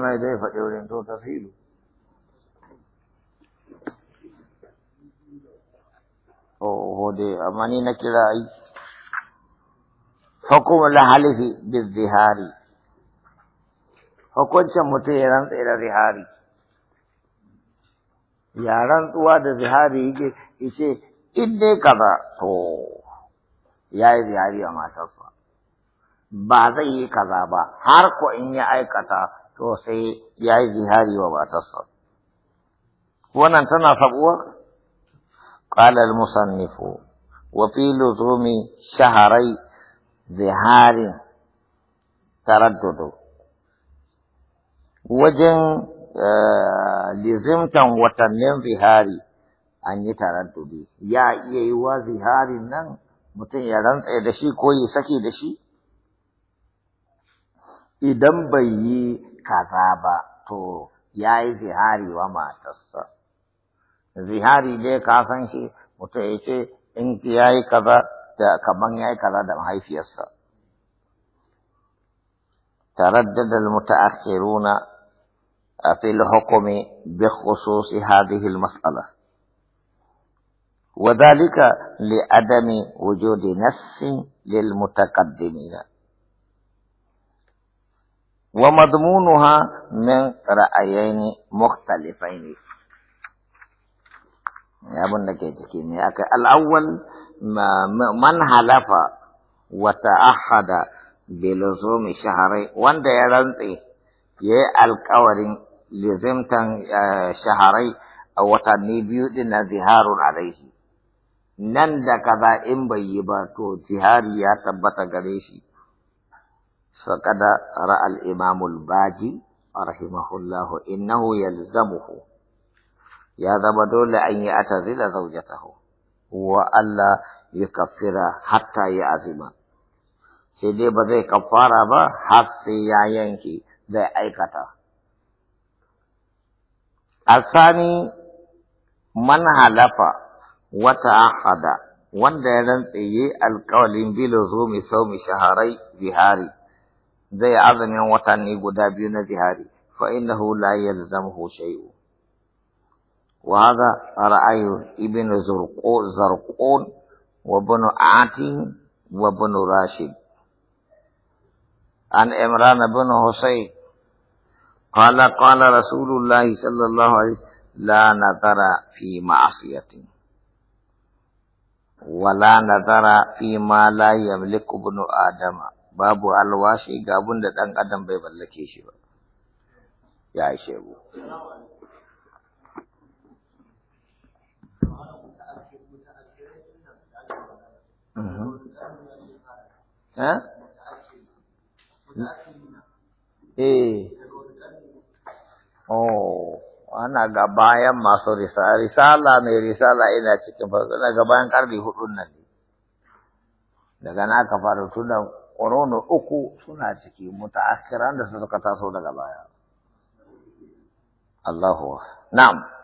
ما يدري فجأة ان تو تسهيل او هو دي اماني نكراي حكم الحلف بالظهاري حكم شمتيران الى ظهاري يا ران توا ظهاري كي يشي اني كذا تو يا ظهاري اما تصوى ba zai yi kaza ba har ko in ya aikata to sai ya yi zihari wa matarsa wannan tana sabuwa قال المصنف Wafi luzumi شهري ziharin taraddudu. wajen eh, lizimtan watannin zihari an yi taraddudi ya iya yi wa ziharin nan mutum ya rantsa da shi ko ya saki da shi idan bai yi kaza ba to ya yi zihari wa matarsa zihari dai ka san shi mutum ya ce in ya yi kaza da kaman ya yi kaza da mahaifiyarsa تردد المتأخرون في الحكم بخصوص هذه المسألة وذلك لعدم وجود نفس للمتقدمين ومضمونها من رأيين مختلفين يا ابن الأول من حلف وتأحد بلزوم شهر وانت يا رنتي يا الكورين لزمت آه، شهري او وطني بيوت نزهار عليه نن دا كذا ان بيبا تو زهار يا تبت غريشي فقد رأى الإمام الباجي رحمه الله إنه يلزمه يا دول أن يعتزل زوجته وألا يكفر حتى يعزم سيدي بزي كفارة با حتى يعينكي ذي أيكتا الثاني من حلف وتعهد وان ya rantse القول بلزوم صوم شهري بهاري zai azumin watanni guda biyu na zihari fa innahu la yalzamuhu shay'u wa hadha ra'ayu ibn zurqu zarqun wa ibn atin wa ibn rashid عن عمران بن حسين قال قال رسول الله صلى الله عليه وسلم لا نذر في معصية ولا نذر فيما لا يملك ابن آدم babu alwashi ga abin da ɗan adam bai ballake shi ba ya ishe eh. oh, ana ga bayan masu risala, risala mai risala ina cikin farko, ga bayan karni hudun nan ne, daga na ka fara tunan ƙorono uku suna ciki muta'akhiran da suka taso daga baya Allahu na'am